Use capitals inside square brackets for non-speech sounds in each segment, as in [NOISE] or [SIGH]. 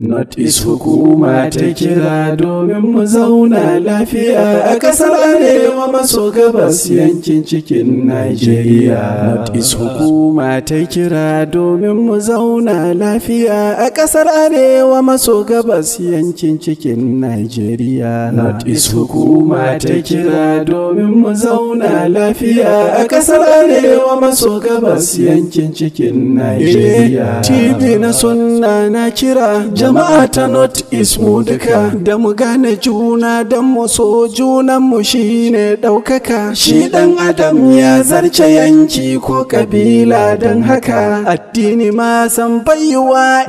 Northeast hukuma ta kira domin mu zauna lafiya a ƙasar Arewa maso gabas yankin cikin Najeriya. Northeast hukuma ta kira domin mu zauna lafiya a ƙasar Arewa maso gabas yankin cikin Najeriya. Northeast hukuma ta kira domin mu zauna lafiya a ƙasar Arewa maso gabas yankin cikin Najeriya. Eh, TV na sunna na kira jama'a ta north east mu duka da mu gane juna don mu so junan mu shine ɗaukaka shi ɗan adam ya zarce yanki ko ƙabila don haka addini ma san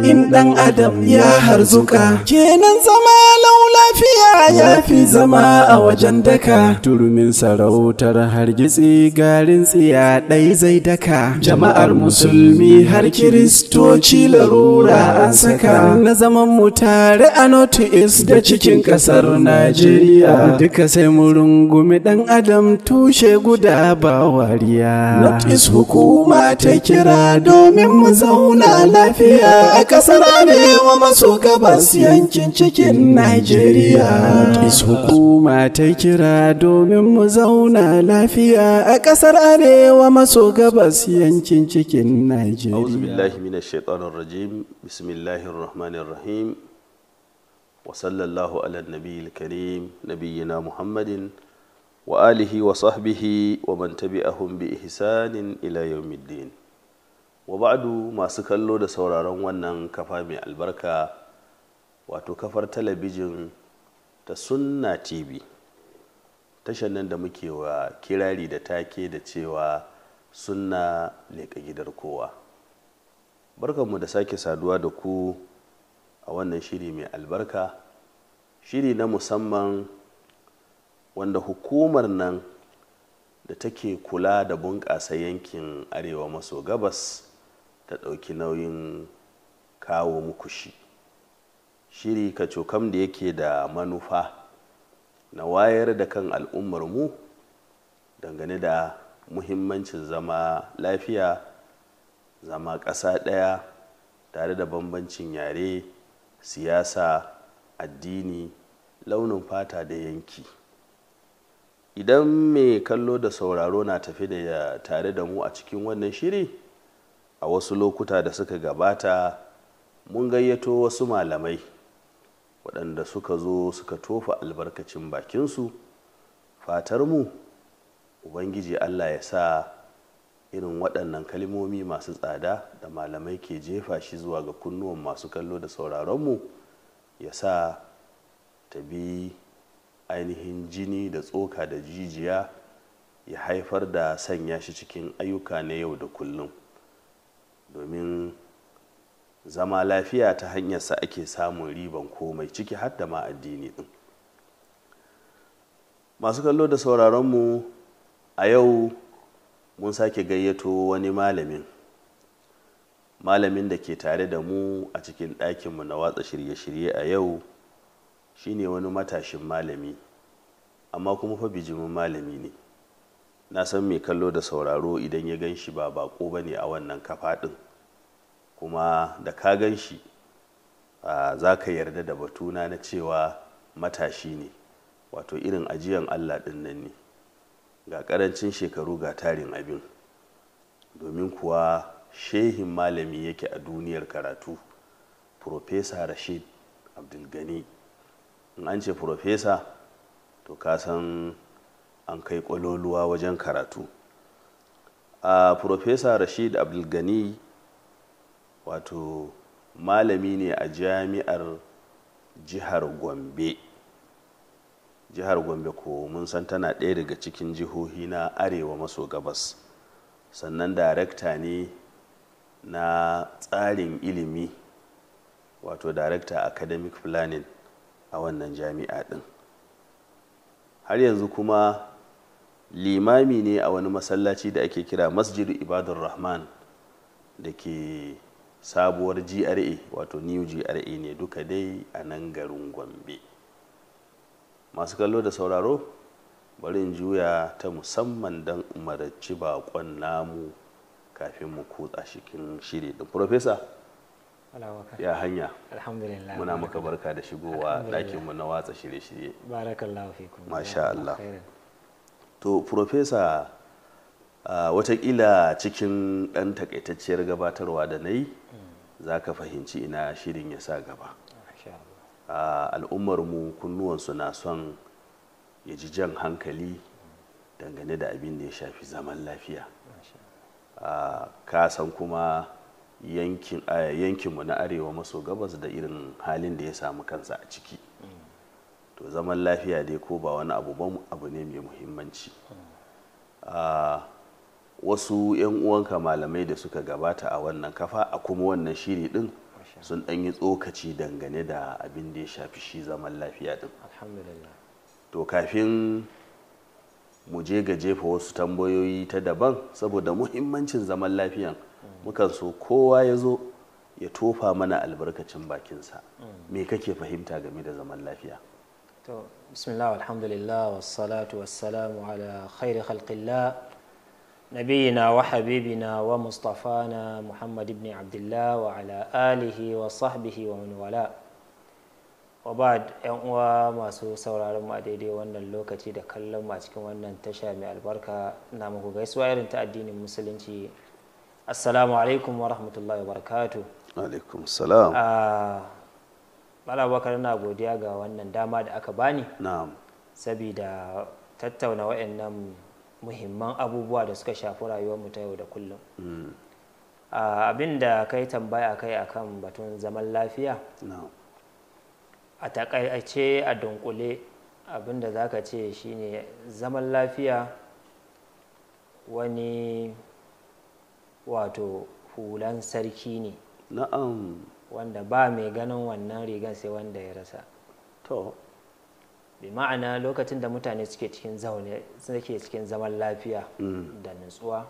in ɗan adam ya harzuka kenan zama lau lafiya ya fi zama a wajen daka turmin sarautar hargitsi garin tsiya ɗai zai daka jama'ar musulmi har kiristoci larura an saka na zaman mu tare a noti is da cikin kasar Najeriya. Duka sai mu rungumi dan Adam tushe guda ba wariya. North hukuma ta kira domin mu zauna lafiya a kasar Arewa maso gabas yankin cikin Najeriya. North hukuma ta kira domin mu zauna lafiya a kasar Arewa maso gabas yankin cikin Najeriya. الرحيم وصلى الله على النبي الكريم نبينا محمد وآله وصحبه ومن تبعهم بإحسان إلى يوم الدين وبعد ما da sauraron wannan kafa mai albarka wato kafar talabijin ta sunna tv tashan nan da muke wa kirari da take da cewa sunna leƙa gidar kowa barkanmu da sake saduwa da ku a wannan shiri mai albarka shiri na musamman wanda hukumar nan da take kula da bunƙasa yankin arewa maso gabas ta ɗauki nauyin kawo muku shi shiri kacokam da yake da manufa na wayar da kan al'ummar mu dangane da muhimmancin zama lafiya zama ƙasa ɗaya tare da bambancin yare siyasa addini launin fata da yanki idan mai kallo da sauraro na tafi da tare da mu a cikin wannan shiri a wasu lokuta da suka gabata mun gayyato wasu malamai waɗanda suka zo suka tofa albarkacin bakinsu fatar mu ubangiji allah ya sa irin waɗannan kalmomi masu tsada da malamai ke jefa shi zuwa ga kunnuwan masu kallo da sauraronmu ya sa ta bi ainihin jini da tsoka da jijiya ya haifar da sanya shi cikin ayyuka na yau da kullum domin zama lafiya ta hanyar hanyarsa ake samun riban komai ciki har da ma addini din masu kallo da sauraronmu a yau mun sake gayyato wani malamin malamin da ke tare da mu a cikin ɗakinmu na watsa shirye-shirye a yau shine wani matashin malami amma kuma fa bijimin malami ne na san mai kallo da sauraro idan ya gan shi ba bako ba ne a wannan kafa ɗin kuma da ka gan shi za ka yarda da batuna na cewa matashi ne wato irin ajiyan allah ɗin nan ne ga karancin shekaru ga tarin abin domin kuwa shehin malami yake a duniyar karatu profesa rashid abdulgani in an ce profesa to kasan an kai kwaloluwa wajen karatu a profesa rashid abdulgani wato malami ne a jami'ar jihar gombe jihar gombe ko mun san tana ɗaya daga cikin jihohi na arewa maso gabas sannan darakta ne na tsarin ilimi wato darakta academic planning a wannan jami'a ɗin har yanzu kuma limami ne a wani masallaci da ake kira masjid ibadur rahman da ke sabuwar gra wato new gra ne duka dai a nan garin gombe masu kallo da sauraro bari in juya ta musamman don umarci bakon namu kafin mu kutsa cikin shiri da profesa ya hanya alhamdulillah muna maka barka da shigowa ɗakin mu na watsa shirye-shirye masha Allah to profesa watakila cikin ɗan takaitacciyar gabatarwa da na yi hmm. za ka fahimci ina shirin ya sa gaba al'ummarmu kunnuwansu na son ya ji jan hankali dangane da abin da ya shafi zaman lafiya ka san kuma yankinmu na arewa maso gabas da irin halin da ya samu kansa a ciki mm. to zaman lafiya dai ko ba wani abu ba abu ne mai muhimmanci mm. wasu 'yan uwanka malamai da suka gabata a wannan kafa a kuma wannan shiri din sun ɗan yi tsokaci dangane da abin da ya shafi shi zaman lafiya din to kafin mu je ga jefa wasu tambayoyi ta daban saboda muhimmancin zaman lafiyan mm. mukan so kowa ya zo ya tofa mana albarkacin bakinsa mm. me kake fahimta game da zaman lafiya to bismillah alhamdulillah wassalatu wassalamu ala khairi khalqillah نبينا وحبيبنا ومصطفانا محمد بن عبد الله وعلى wa وصحبه ومن والاه وبعد yan uwa masu sauraron mu a daidai wannan lokaci da kallon mu a cikin wannan tasha mai albarka na muku gaisuwa irin ta addinin musulunci assalamu alaikum wa rahmatullahi wa barakatuh alaikum salam Bakar na godiya ga wannan dama da aka bani na'am sabida tattauna wayannan muhimman abubuwa da suka shafi rayuwarmu ta yau da kullum hmm. abin da kai tambaya kai kan batun zaman lafiya a takaice a dunkule abin da za ka ce shine zaman lafiya wani wato hulan sarki ne wanda ba mai ganin wannan rigan sai wanda ya rasa to bi ma'ana lokacin da mutane suke cikin zaune suke cikin zaman lafiya da nutsuwa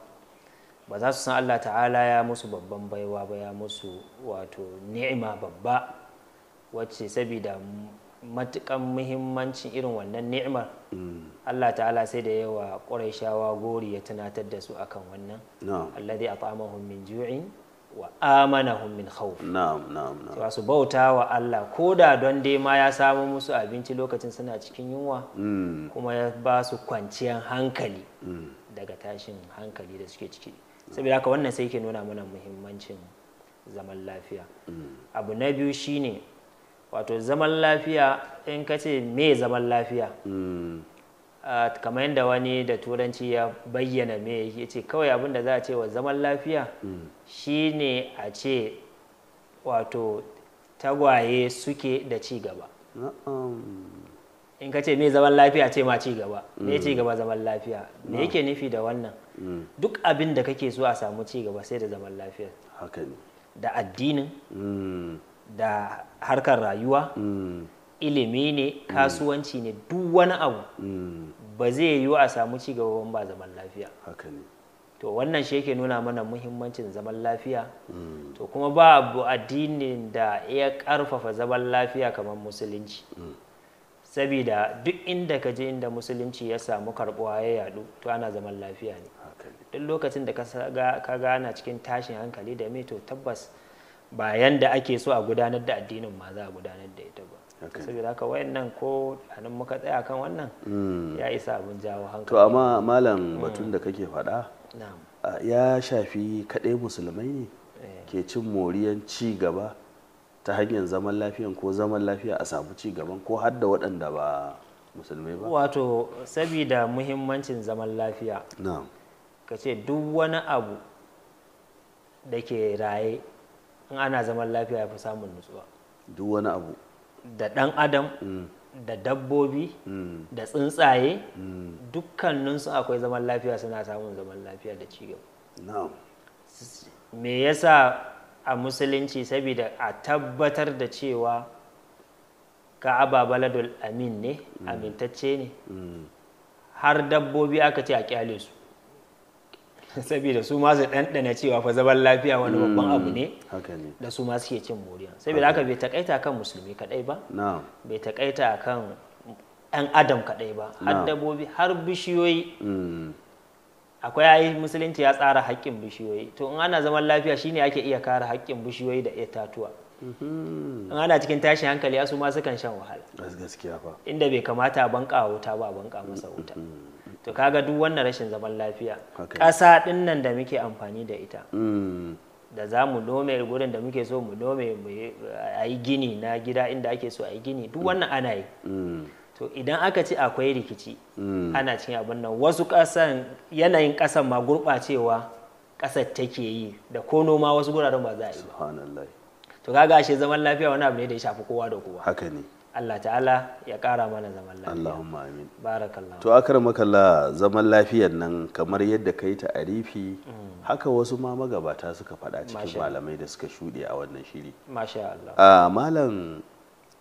ba za su san Allah ta'ala ya musu babban baiwa ba ya musu wato ni'ima babba wacce saboda matukan muhimmancin irin wannan ni'imar Allah ta'ala sai da yawa ƙurai shawa gori ya tunatar da su akan wannan alladhi at'amahum min ju'in wa amanahum min khawf na'am na'am na'am bauta wa Allah ko da don dai ma ya samu musu abinci lokacin suna cikin yunwa hmm. kuma ya ba su kwanciyar hankali hmm. daga tashin hankali da suke ciki saboda haka wannan sai ke nuna mana muhimmancin zaman lafiya hmm. abu na biyu shine wato zaman lafiya in ka ce me zaman lafiya kamar yadda wani da turanci ya bayyana me ya ce kawai abin da za a ce wa zaman lafiya hmm. shine a ce wato tagwaye suke da ci gaba in ka ce me zaman lafiya ce ma ci gaba me hmm. ci gaba zaman lafiya me yake nufi da wannan hmm. duk abin da kake so a samu ci gaba sai da zaman lafiya da addinin da harkar rayuwa ilimi ne mm. kasuwanci ne duk wani abu mm. ba zai yiwu a samu ci gaba ba zaman lafiya to wannan shi yake nuna mana muhimmancin zaman lafiya mm. to kuma ba abu addinin da ya karfafa zaman lafiya kamar musulunci sabida duk inda ka je inda musulunci ya samu karbuwa ya yadu to ana zaman lafiya ne duk lokacin da ka gana cikin tashin hankali da mai to tabbas bayan da ake so a gudanar da addinin ma za a gudanar da ita saboda haka wayannan ko anan muka tsaya kan wannan hmm. ya isa abin jawo hankali to amma malam hmm. batun da kake faɗa ya shafi kaɗai musulmai ne eh. ke cin moriyan ci gaba ta hanyar zaman lafiyan ko zaman lafiya a samu ci gaban ko har da waɗanda ba musulmai ba wato sabida muhimmancin zaman lafiya ka ce duk wani abu da ke raye in ana zaman lafiya ya fi samun nutsuwa duk wani abu da ɗan adam mm. da dabbobi mm. da tsuntsaye mm. dukkaninsu akwai zaman lafiya suna samun zaman lafiya da cigaba me yasa a musulunci saboda a tabbatar da cewa ka baladul amin ne amintacce ne har dabbobi aka ce a kyale su saboda su ma ɗanɗana cewa fa zaman lafiya wani hmm, babban abu ne da su ma suke cin moriya saboda haka bai takaita kan musulmi kadai ba bai takaita kan ɗan adam kadai ba har dabbobi har bishiyoyi hmm. akwai ayi musulunci ya tsara haƙƙin bishiyoyi to in ana zaman lafiya shine ake iya kare haƙƙin bishiyoyi da itatuwa hmm. in ana cikin tashin hankali su ma sukan shan wahala inda bai kamata a banka wuta ba a banka masa wuta to kaga duk wannan rashin zaman lafiya ƙasa ɗin nan da muke amfani da ita mm. da za mu nome gurin da muke so mu nome a yi gini na gida inda ake so a yi gini duk wannan ana yi mm. to idan aka ci akwai rikici mm. ana cin abin nan wasu ƙasan yanayin ƙasan ma gurɓacewa ƙasar take yi da ko noma wasu guraren ba za a yi to kaga shi zaman lafiya wani abu ne da ya shafi kowa da kowa haka ne Allah ta'ala ya ƙara mana zaman lafiya. Allahumma amin. Barakallahu. To akar makalla zaman lafiyar nan kamar yadda kai ta arifi mm. haka wasu ma magabata suka faɗa cikin malamai da suka shuɗe a wannan shiri. Masha Allah. A malam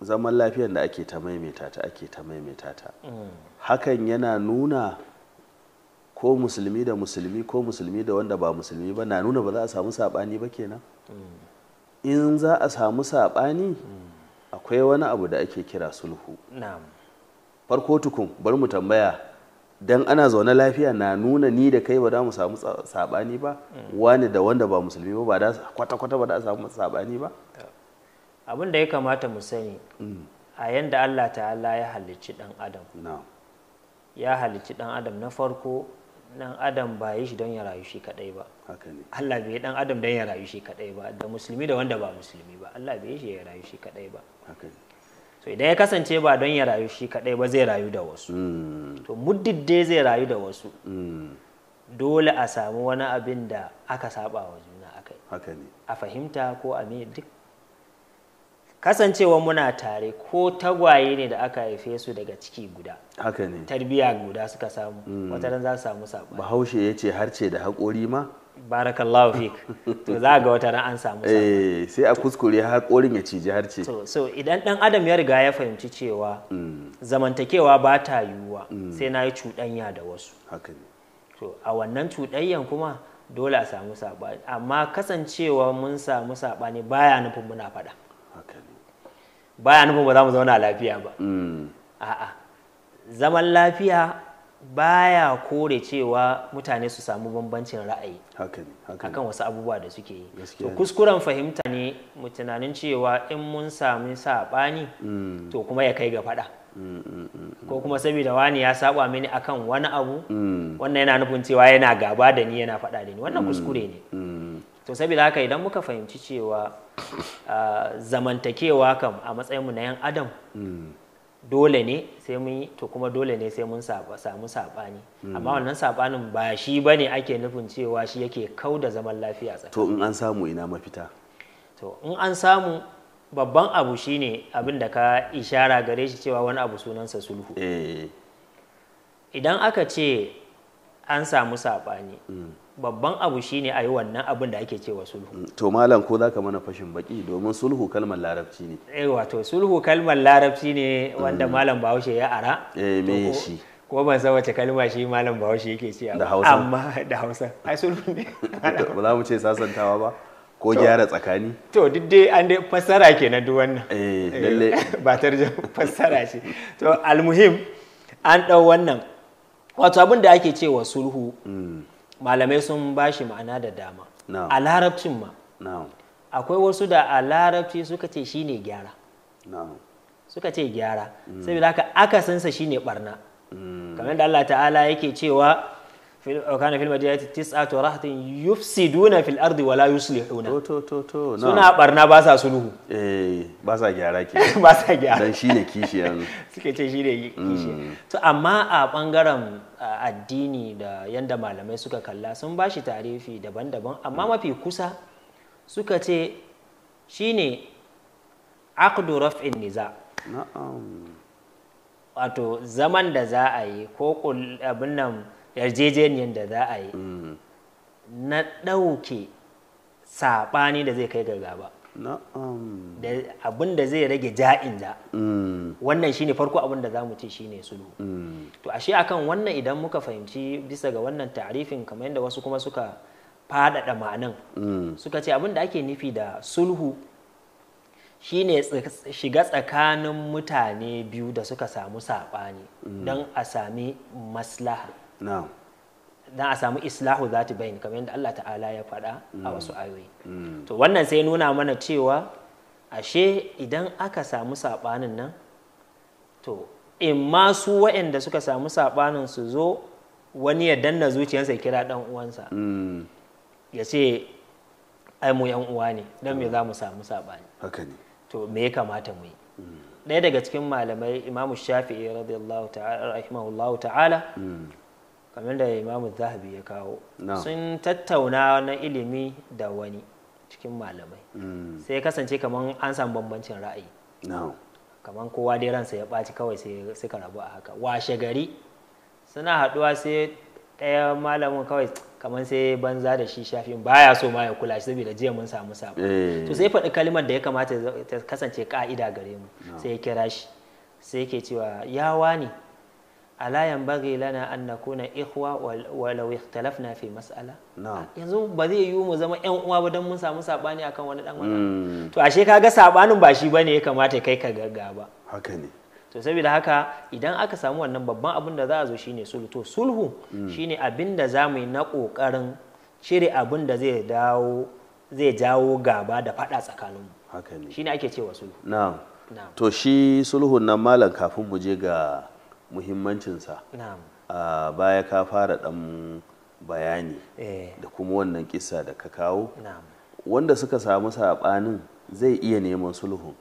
zaman lafiyar da ake ta maimaita ta ake ta maimaita ta. Mm. Hakan yana nuna ko musulmi da musulmi ko musulmi da wanda ba musulmi ba na nuna ba za a samu saɓani ba kenan. Mm. In za a samu saɓani. akwai wani abu da ake kira sulhu farko tukun bar mu tambaya dan ana zaune lafiya na nuna ni da kai ba da mu samu sabani ba mm. wani da wanda ba musulmi da kwata-kwata ba da samu sabani ba abin da ya kamata mu sani mm. a yanda Allah ta'ala ya halicci dan adam ya halicci dan adam na farko dan adam ba yi shi don ya rayu shi kadai ba Allah bai dan adam don ya rayu shi kadai ba da musulmi da wanda ba musulmi ba Allah bai shi ya rayu shi kadai ba so idan ya kasance ba don ya rayu shi kadai ba zai rayu da wasu hmm. to muddidde zai rayu da wasu hmm. dole a samu wani abin da aka saba wa juna akai a fahimta ko a me duk kasancewa muna tare ko tagwaye ne da aka haife su daga ciki guda haka ne tarbiya guda suka samu mm. wata ran za su samu saɓani bahaushe ya ce harce da haƙori ma barakallahu fik [LAUGHS] to za ga wata ran an samu saɓani eh, sai a kuskure haƙorin ya ciji harce so, so idan ɗan adam ya riga ya fahimci cewa mm. zamantakewa ba ta yiwuwa mm. sai na yi cuɗanya da wasu haka ne to a wannan cuɗanyan kuma dole a samu saɓani amma kasancewa mun samu saɓani baya nufin muna faɗa baya nufin ba za mu zauna lafiya ba mm. a'a zaman lafiya baya kore cewa mutane su samu bambancin ra'ayi akan wasu abubuwa da suke yi to kuskuren fahimta ne mu tunanin cewa in mun sami saɓani mm. to kuma ya kai ga faɗa mm, ko kuma saboda wani ya saba mini akan wani abu wannan yana nufin cewa yana gaba da ni yana faɗa da ni wannan kuskure ne to saboda haka idan muka fahimci cewa zamantakewa kam a matsayinmu na 'yan adam dole ne sai mun to kuma dole ne sai mun samu saɓani amma wannan saɓanin ba shi ba ne ake nufin cewa shi yake kau da zaman lafiya tsakani to in an samu ina mafita to in an samu babban abu shine abin da ka ishara gare shi cewa wani abu sunansa sulhu eh. idan aka ce an samu saɓani mm. babban abu shine a yi wannan abin da ake cewa sulhu mm, to malam ko za ka mana fashin baki domin sulhu kalmar larabci ne eh wato sulhu kalmar larabci ne wanda mm. malam bahaushe ya ara eh me shi ko ban san wace kalma shi malam bahaushe yake cewa da hausa amma da hausa ai sulhu ne [LAUGHS] ba za mu ce sasantawa ba ko gyara tsakani to duk dai an dai fassara kenan duk wannan eh lalle eh, ba tarjum [LAUGHS] fassara ce to almuhim an dau wannan wato abin da ake cewa sulhu mm. malamai sun ba shi ma'ana da dama a larabcin ma akwai wasu da a larabci suka ce shine gyara suka ce gyara mm. saboda haka shi shine barna mm. kamar da Allah ta'ala yake cewa kana fil madinati tis'atu rahtin yufsiduna fil ardi wala yuslihuna to to to no. suna barna ba sa sulhu eh ba sa gyara ke ba sa gyara dan shine kishi yanzu suke ce shine kishi to amma a bangaren addini da yanda malamai suka kalla sun bashi tarifi daban-daban amma mafi kusa suka ce shine aqdu raf'in niza na'am wato zaman da za a yi ko abin nan yarjejeniyar da za a yi mm. na ɗauke saɓani da zai kai ga gaba abin da zai rage ja'in da mm. wannan shine farko abin da za mu ce shine sulhu mm. to ashe akan wannan idan muka fahimci bisa ga wannan tarifin kamar yadda wasu kuma suka faɗaɗa ma'anan suka ce abin da ake nufi da sulhu shine shiga tsakanin mutane biyu da suka samu saɓani don a sami maslaha dan a samu islahu zati bayin kamar yadda Allah ta'ala ya faɗa a mm. wasu ayoyi mm. to wannan sai nuna mana cewa ashe idan aka samu saɓanin nan to in ma su waɗanda suka samu saɓanin su zo wani ya danna zuciyarsa ya kira ɗan uwansa mm. ya ce ai mu yan uwa ne don me za mu samu saɓani to me ya kamata mu yi ɗaya daga cikin malamai imamu shafi'i radiyallahu ta'ala kamar da imamu zahabi ya kawo sun tattauna na ilimi da wani cikin malamai mm. sai ya kasance kamar an samu bambancin ra'ayi kamar kowa dai ransa ya ɓaci kawai sai suka rabu a haka washe gari suna haɗuwa sai ɗaya malamin kawai kamar sai banza da shi shafin baya so ma ya kula shi saboda jiya mun samu sabo eh. to sai faɗi kalmar da ya kamata ta kasance ka'ida gare mu sai ya kira shi sai yake cewa yawa ne ala yanbaghi lana an nakuna ikhwa walau ikhtalafna fi mas'ala ah, yanzu ba zai yiwu mu zama yan uwa ba dan mun samu sabani akan wani dan wani hmm. to ashe kaga sabanin ba shi bane ya kamata kai ka gagga ba haka ne to saboda haka idan aka samu wannan babban abin da za a zo shine sulhu to sulhu hmm. ne abin da za mu yi na kokarin cire abin da zai dawo zai jawo gaba da fada mu. haka ne ne ake cewa sulhu na'am to shi sulhun nan malam kafin mu je ga muhimmancinsa a baya ka fara ɗan bayani eh. da kuma wannan kisa da ka kawo wanda suka samu saɓanin zai iya neman sulhu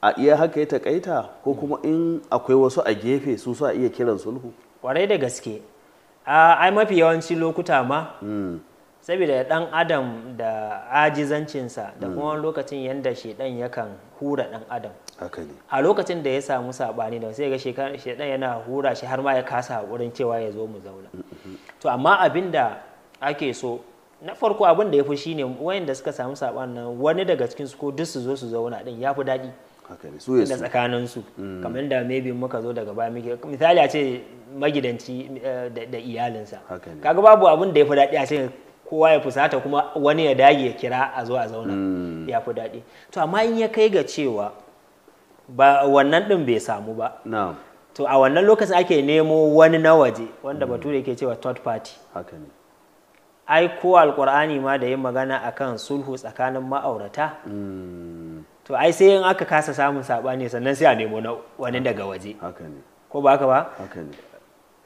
a iya haka ya taƙaita ko kuma in akwai wasu a gefe su a iya kiran sulhu kwarai da gaske a mafi yawanci lokuta ma hmm. saboda ɗan adam da ajizancinsa da kuma wani lokacin yadda shedan yakan hura dan adam a lokacin da ya samu sabani da sai ga shedan yana hura shi har ma ya kasa wurin cewa ya zo mu zauna to amma abin da ake so na farko abin da ya fi shine wayanda suka samu sabani nan wani daga cikin su ko duk su zo su zauna din ya fi daɗi da tsakanin su mm. kamar da maybe muka zo daga baya muke misali a ce magidanci eh, da iyalinsa kaga babu abin da ya fi daɗi a ce kowa ya fusata kuma wani ya dage ya kira a zo a zauna hmm. ya fi daɗi to amma in ya kai ga cewa ba wannan ɗin bai samu ba to a wannan lokacin ake nemo wani na waje wanda hmm. bature ke cewa third party ai ko alkur'ani ma da yin magana a kan sulhu tsakanin ma'aurata hmm. to ai sai in aka kasa samun saɓani sannan sai a nemo wani daga waje ko ba haka ba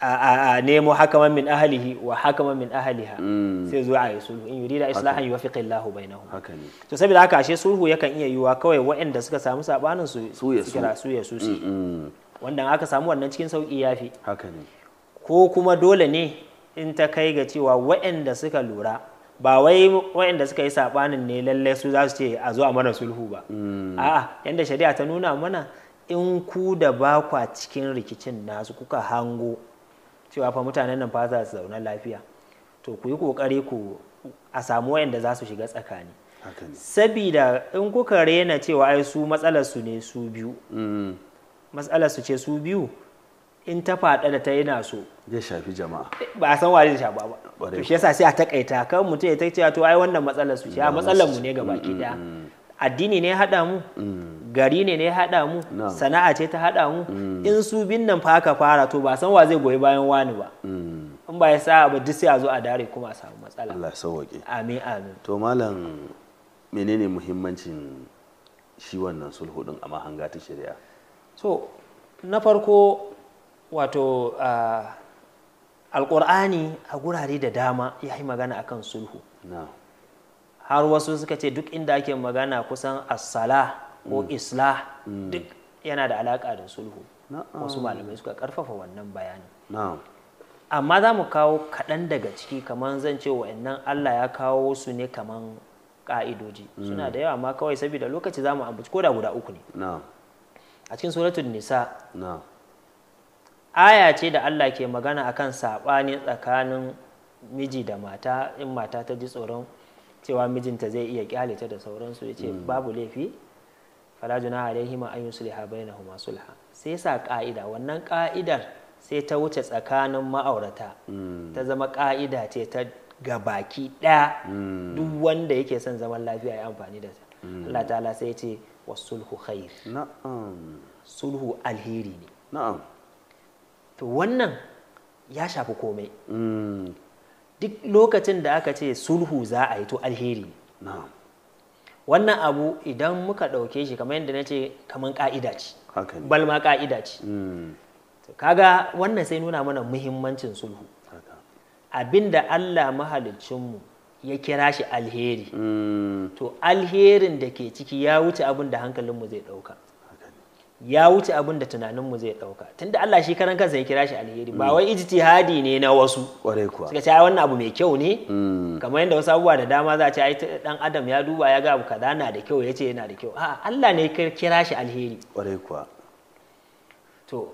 a nemo hakaman min ahalihi wa hakaman min ahaliha mm. sai zuwa a yi sulhu in yurida islahan yuwaffiq Allahu bainahum haka ne to saboda haka ashe sulhu yakan iya yiwa kawai waɗanda suka samu sabanin su su kira su ya su mm, mm. wanda aka samu wannan cikin sauki yafi haka ne ko kuma dole ne in ta kai ga cewa waɗanda suka lura ba wai waɗanda suka yi sabanin ne lalle su za su ce a zo a mana sulhu ba a'a yanda shari'a ta nuna mana in ku da ba kwa cikin rikicin nasu kuka hango cewa fa mutanen nan fa za su zauna lafiya to ku yi kokari ku a samu wayanda za su shiga tsakani sabida in kuka rena cewa ai su matsalar su ne su biyu mm. matsalar su ce su biyu in ta faɗa da ta yana so zai shafi jama'a eh, ba a san wa zai shafa ba to shi yasa sai a takaita kan mutum ya ta cewa to ai wannan matsalar su ce a matsalar mu ne gaba ki daya mm, mm, addini ne ya haɗa mu gari ne ne haɗa mu sana'a ce ta haɗa mu mm. in su bin nan fa aka fara to ba san wa zai goyi bayan wani ba mm. in ba ya sa ba duk sai a zo a dare kuma a samu matsala Allah sauwaƙe amin amin to malam menene muhimmancin shi wannan sulhu din a mahanga ta shari'a so na farko wato alqur'ani a gurare da dama ya yi magana akan sulhu har wasu suka ce duk inda ake magana kusan as-salah ko mm. islah mm. duk yana da alaka da sulhu wasu malamai suka karfafa wannan bayani amma za mu kawo kaɗan daga ciki kamar zan ce wa'annan allah ya kawo su ne kamar ƙa'idoji mm. suna da yawa amma kawai saboda lokaci za mu ambaci ko da guda uku ne a cikin suratul nisa aya ce da allah ke magana akan saɓani tsakanin miji da mata in mata ta ji tsoron cewa mijinta zai iya kyale ta da sauransu ya ce babu laifi fala junaha alaihima an yusliha bainahuma sulha sai sa ka'ida wannan ƙa'idar sai ta wuce tsakanin ma'aurata hmm. ta zama ƙa'ida ce ta gabaki ɗaya hmm. duk wanda yake son zaman lafiya ya amfani da ta hmm. Allah ta'ala sai ce wa sulhu khair sulhu alheri ne to wannan ya shafi komai duk lokacin da aka ce sulhu za a yi to alheri na'am wannan abu idan muka ɗauke shi kamar yadda na ce kamar ka'ida ce balma ka'ida ce hmm. kaga wannan sai nuna mana muhimmancin sulhu abinda Allah mahalicinmu ya kira shi alheri hmm. to alherin da ke ciki ya wuce abin da hankalinmu zai ɗauka ya wuce abin da tunaninmu zai ɗauka tunda Allah shi karan kansa ya kira shi alheri ba wai ijtihadi ne na wasu suka ce wannan abu mai kyau ne mm. kamar yadda wasu abubuwa da dama za a ce ai dan adam ya duba ya ga abu kaza na da kyau yace yana da kyau a Allah ne ya kira shi alheri kwarai kuwa to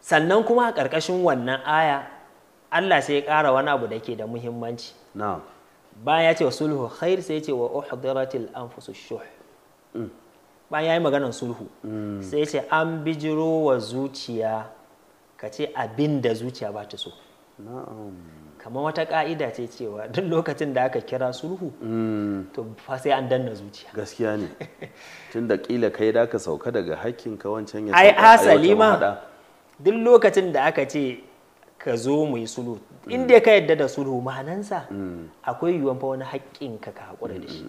sannan kuma a ƙarƙashin wannan aya Allah sai ya kara wani abu da ke da muhimmanci na'am bayan ya ce wa sulhu khair sai ya ce wa uhdiratil anfusush shuh mm. bayan ya yi maganar sulhu mm. sai ya ce an bijiro wa zuciya ka ce abin da zuciya ba ta so kamar wata ka'ida ce cewa [LAUGHS] duk lokacin da aka kira sulhu mm. to fa sai an danna zuciya gaskiya ne [LAUGHS] tun da kila kai da ka sauka daga hakkin ka wancan ya ai asali ma duk lokacin da aka ce ka zo mu yi sulhu mm. inda ka yadda da sulhu ma'anansa akwai yiwuwan fa wani hakkin ka ka haƙura da shi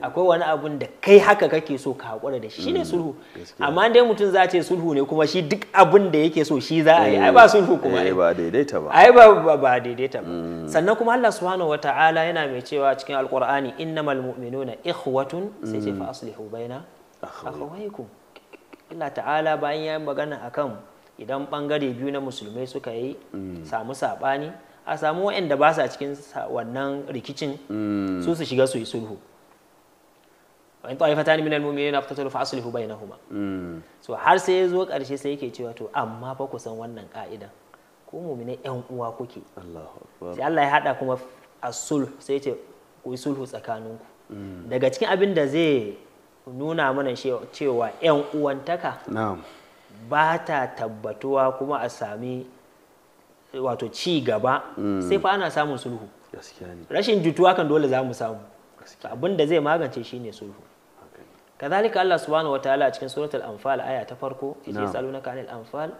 akwai wani abun da kai haka kake so ka hakura da shi ne mm, sulhu amma dai mutum za ce sulhu ne kuma shi duk abun da yake so shi za a yi ai ba eh, sulhu kuma eh, ai ba daidaita ba ai ba ba daidaita ba mm. sannan kuma Allah subhanahu wataala yana mai cewa cikin alqur'ani innamal mu'minuna ikhwatun sai ce mm. fa aslihu baina akhawaykum Allah ta'ala bayan ya magana akan idan bangare biyu na musulmai suka yi samu sabani a samu waɗanda ba sa cikin wannan rikicin su su shiga su yi sulhu wa in ta'ifatan min al-mu'minina iqtatalu fa aslihu bainahuma so har sai ya zo karshe sai yake cewa to amma fa ku san wannan ka'idan ku mu'minai yan uwa kuke sai Allah ya hada kuma a sai ce ku yi sulhu tsakaninku mm. daga cikin abin da zai nuna mana cewa yan uwantaka ba ta tabbatuwa kuma a sami wato ci gaba mm. sai fa ana samun sulhu rashin jituwa kan dole za mu samu abin da zai magance shine sulhu kazalika Allah subhanahu wataala a cikin suratul anfal aya ta farko yace yasalunaka anil anfal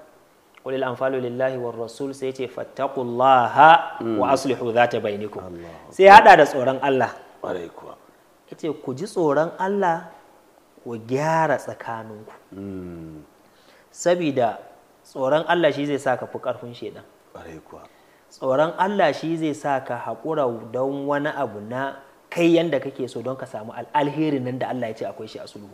qul al anfalu lillahi war rasul sai yace fattaqullaha mm. wa aslihu zata bainakum sai hada da tsoron Allah yace ku ji tsoron Allah ku gyara tsakaninku mm. sabida tsoron Allah shi zai sa ka fi karfin shedan tsoron Allah shi zai sa ka haƙura don wani abu na kai yanda kake so don ka samu alherin nan da Allah ya ce akwai shi a sulhu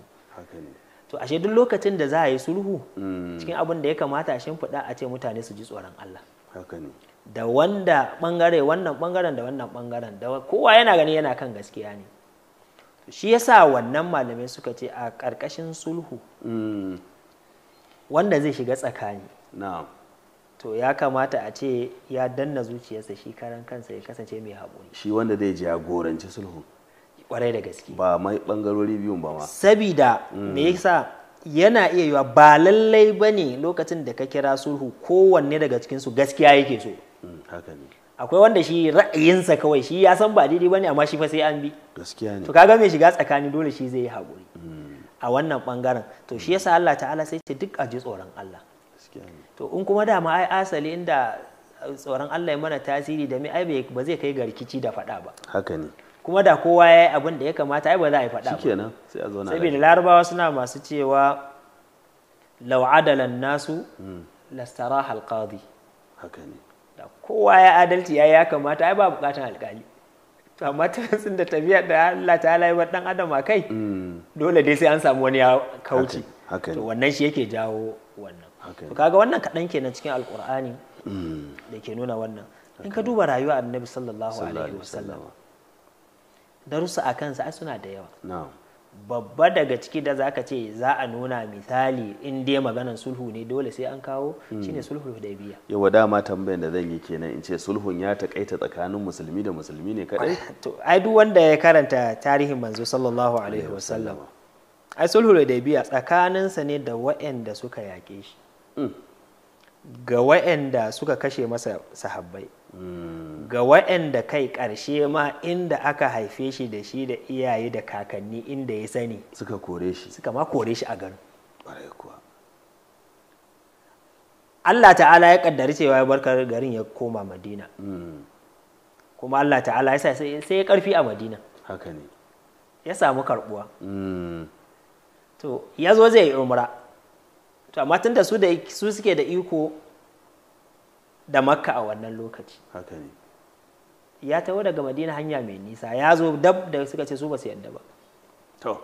to ashe duk lokacin da za a yi sulhu hmm. cikin abin da ya kamata a shimfiɗa a ce mutane su ji tsoron Allah da wanda bangare wannan bangaren da wannan bangaren da kowa yana gani yana kan gaskiya ne shi yasa wannan malamai suka ce a ƙarƙashin sulhu hmm. wanda zai shiga tsakani na'am to ya kamata a ce ya danna zuciyarsa shi karan kansa ya kasance mai haƙuri shi wanda zai ji jagoranci sulhu kwarai da gaske ba mai bangarori biyun ba ma sabida mm. me yasa yana iya yiwa ba lallai ba ne lokacin da ka kira sulhu kowanne daga cikinsu gaskiya yake so mm, akwai wanda shi ra'ayinsa kawai shi ya san ba daidai ba ne amma shi fa sai an bi gaskiya ne to kaga mai shiga tsakani dole shi zai yi haƙuri mm. a wannan bangaren to shi yasa Allah ta'ala sai ce duk a ji tsoron Allah to in kuma dama ai asali inda eh, tsoron Allah ya mana tasiri da mai ai ba zai kai ga rikici da faɗa ba haka ne kuma da kowa ya yi abin da ya kamata ai ba za a yi faɗa ba shikenan sai a zo na saboda larabawa suna masu cewa law adalan nasu hmm. lastara alqadi haka ne da kowa ya adalci ya ya kamata ai ba bukatan alkali to amma sun [LAUGHS] da tafiya da Allah ta halaye wa dan adam a kai hmm. dole dai sai an samu wani ya kauce to wannan shi yake jawo wannan to kaga wannan kaɗan kenan cikin alkur'ani mm. da ke nuna wannan in ka duba rayuwa annabi sallallahu alaihi wasallam darussa a kansa ai suna da yawa babba daga ciki da zaka ce za a nuna misali in dai maganan sulhu ne dole sai an kawo mm. shine sulhu biya. yawa dama tambayan da zan yi kenan in ce sulhun ya taƙaita tsakanin musulmi da musulmi ne kadai [LAUGHS] to ai duk wanda ya karanta tarihin manzo sallallahu alaihi wasallam ai sulhu da biya tsakaninsa ne da waɗanda suka yaƙe shi ga wa'anda suka kashe masa sahabbai ga wa'anda kai ƙarshe ma inda aka haife shi da shi da iyaye da kakanni inda ya sani suka kore shi suka ma kore shi a garin Allah ta'ala ya kaddari cewa ya barkar garin ya koma madina kuma Allah ta'ala ya sai ya karfi a madina haka ne ya samu karbuwa mm. to ya zo zai yi umra to amma tunda su da su suke da iko da makka a wannan lokaci haka ne ya taho daga madina hanya mai nisa ya zo dab da suka ce su ba su yadda ba to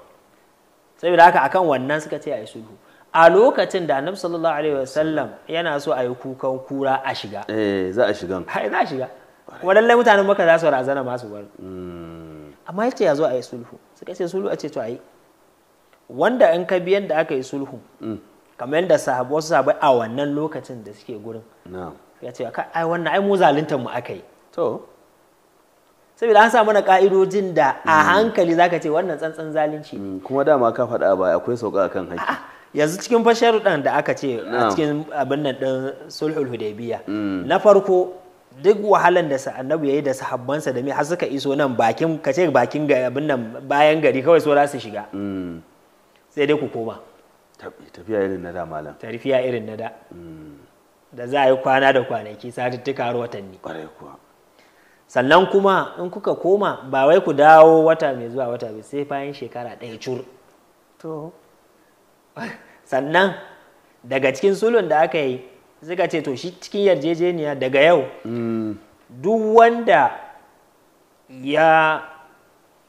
saboda haka akan wannan suka ce a yi sulhu a lokacin da annabi sallallahu alaihi wasallam yana so a yi kukan kura a shiga eh za a shiga hai za a shiga kuma lallai mutanen maka za su razana masu bar hmm. amma yace ya zo a yi sulhu suka ce sulhu a ce to a yi wanda in ka biyan da aka yi sulhu hmm. kamar yadda sahabu wasu sahabu a wannan lokacin da suke gurin ya ce ai wannan ai mu zaluntar mu aka yi to saboda an sa mana ka'idojin da a mm. hankali zaka ce wannan tsantsan zalunci mm, kuma dama ka faɗa ba akwai sauka akan haƙƙi yanzu cikin ɗan da aka ce a cikin abin nan ɗin sulhul hudaybiya mm. na farko duk wahalan da annabi yayi da sahabbansa da me har suka iso nan bakin kace bakin ga abin nan bayan gari kawai so za su shiga sai dai ku koma tafiya irin na da malam tafiya irin na da da za a yi kwana da kwanaki satuttuka har watanni kuwa sannan kuma in kuka koma ba wai ku dawo wata mai zuwa wata mai sai bayan shekara ɗaya cur to [LAUGHS] sannan daga cikin sulun da aka yi suka ce to shi cikin yarjejeniya daga yau mm. duk wanda ya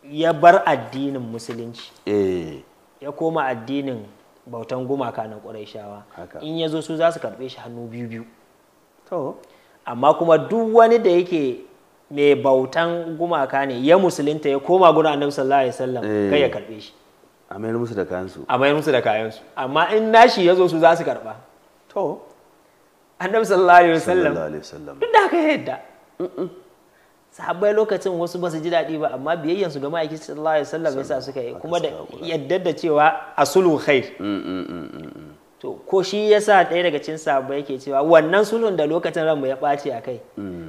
ya bar addinin musulunci eh. ya koma addinin bautan gumaka na ƙuraishawa in ya zo su za su karɓe shi hannu biyu biyu amma kuma duk wani da yake mai bautan gumaka ne ya musulunta ya koma guna annabi sallallahu alaihi wasallam eh. kai ya karɓe shi a mayar musu da kayansu a mayar musu da kayansu amma in nashi ya zo su za su karɓa to annabi sallallahu alaihi wasallam duk da haka yadda sahabbai lokacin wasu ba su ji daɗi ba amma biyayyan su ga ma'aikin sallallahu alaihi wasallam yasa suka yi kuma da yadda da cewa asulu khair mm, mm, mm, to ko shi yasa ɗaya daga cikin sahabbai yake cewa wannan sulhun da lokacin ranmu ya ɓace a kai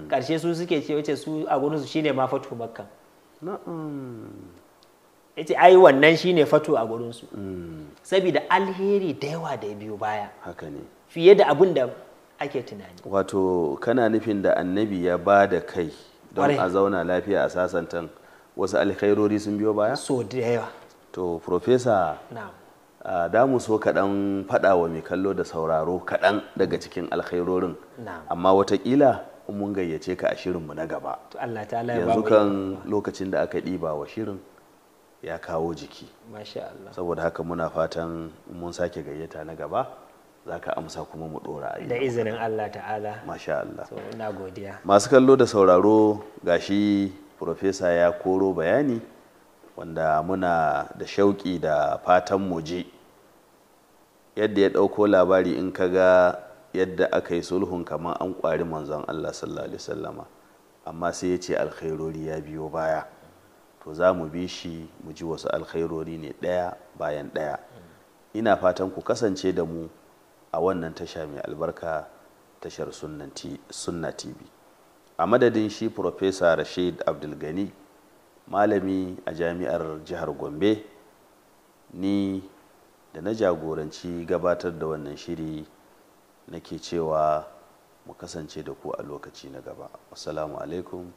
karshe su suke ce wace su a gurin su shine ma fatu makka yace ai wannan shine fatu a gurin su saboda alheri da yawa da biyu baya haka ne fiye da abin da ake tunani wato kana nufin da annabi ya ba da kai don a zauna lafiya a sasantan wasu alkhairori sun biyo baya so da yawa to profesa Na. Damu so kaɗan faɗa wa mai kallo da sauraro kaɗan daga cikin alkhairorin amma watakila mun gayyace ka a shirinmu na gaba yanzu kan lokacin da aka ɗiba wa shirin ya kawo jiki saboda haka muna fatan mun sake gayyata na gaba za ka amsa kuma mu dora da izinin Allah ta'ala masha Allah so ina godiya masu kallo da sauraro gashi profesa ya koro bayani wanda muna da shauƙi da fatan mu je yadda ya ɗauko labari in ka ga yadda aka yi sulhun kamar an ƙwari manzon Allah sallallahu alaihi wasallama amma sai ya ce alkhairori ya biyo baya to za mu bi shi mu ji wasu alkhairori ne ɗaya bayan ɗaya ina fatan ku kasance da mu a wannan tasha mai albarka tashar sunna tv a madadin shi Profesa rashid abdulgani malami a jami'ar jihar gombe ni da na jagoranci gabatar da wannan shiri nake cewa mu kasance da ku a lokaci na gaba assalamu alaikum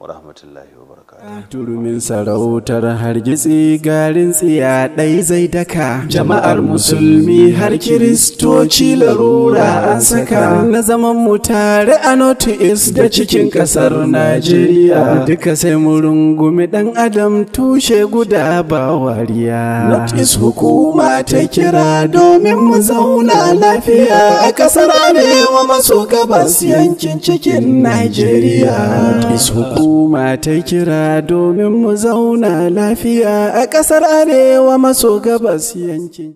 warahmatullahi Turumin sarautar hargitsi garin tsiya ɗai zai daka. Jama'ar musulmi har kiristoci larura an saka. Na zaman mu a North East da cikin ƙasar Najeriya. Duka sai mu rungumi ɗan adam tushe guda ba wariya. North hukuma ta kira domin mu zauna lafiya a ƙasar Arewa maso gabas yankin cikin Najeriya. hukuma Mata kira domin mu zauna lafiya a ƙasar arewa maso gabas yankin